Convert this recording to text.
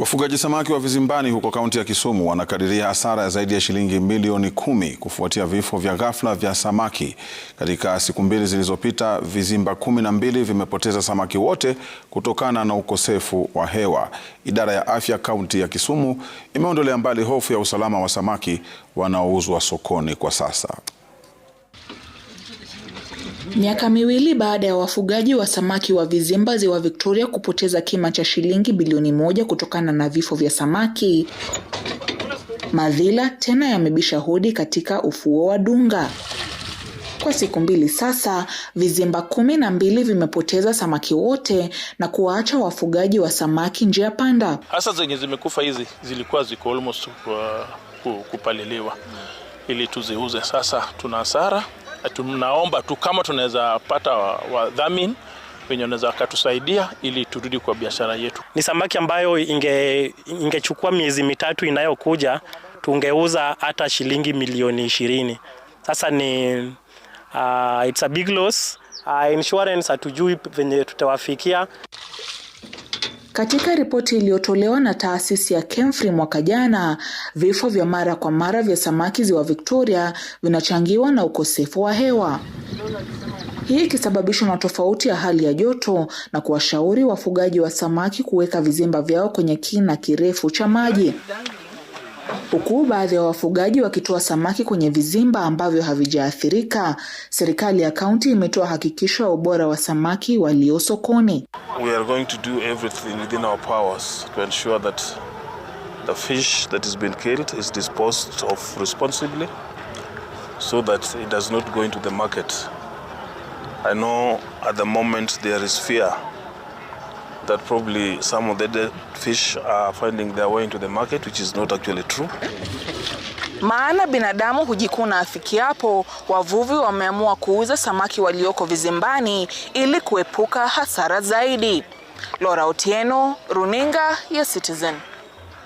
Wafugaji samaki wa vizimbani huko kaunti ya Kisumu wanakadiria hasara ya zaidi ya shilingi milioni kumi kufuatia vifo vya ghafla vya samaki. Katika siku mbili zilizopita, vizimba kumi na mbili vimepoteza samaki wote kutokana na ukosefu wa hewa. Idara ya afya kaunti ya Kisumu imeondolea mbali hofu ya usalama wa samaki wanaouzwa sokoni kwa sasa. Miaka miwili baada ya wafugaji wa samaki wa vizimba ziwa Victoria kupoteza kima cha shilingi bilioni moja kutokana na vifo vya samaki, madhila tena yamebisha hodi katika ufuo wa Dunga. Kwa siku mbili sasa, vizimba kumi na mbili vimepoteza samaki wote na kuwaacha wafugaji wa samaki njia panda. Hasa zenye zimekufa hizi zilikuwa ziko almost uh, kwa kupaliliwa ili tuziuze. Sasa tuna hasara Tunaomba tu kama tunaweza pata wadhamini wa wenye wanaweza wakatusaidia ili turudi kwa biashara yetu. Ni samaki ambayo ingechukua inge miezi mitatu inayokuja tungeuza hata shilingi milioni ishirini. Sasa ni uh, it's a big loss. Uh, insurance hatujui venye tutawafikia. Katika ripoti iliyotolewa na taasisi ya Kemfri mwaka jana, vifo vya mara kwa mara vya samaki ziwa Victoria vinachangiwa na ukosefu wa hewa, hii ikisababishwa na tofauti ya hali ya joto, na kuwashauri wafugaji wa samaki kuweka vizimba vyao kwenye kina kirefu cha maji, huku baadhi ya wafugaji wakitoa samaki kwenye vizimba ambavyo havijaathirika. Serikali ya kaunti imetoa hakikisho ya ubora wa samaki walio sokoni. we are going to do everything within our powers to ensure that the fish that is being killed is disposed of responsibly so that it does not go into the market. I know at the moment there is fear that probably some of the dead fish are finding their way into the market, which is not actually true. maana binadamu hujikuna afikiapo, wavuvi wameamua kuuza samaki walioko vizimbani ili kuepuka hasara zaidi. Laura Otieno, Runinga ya Citizen.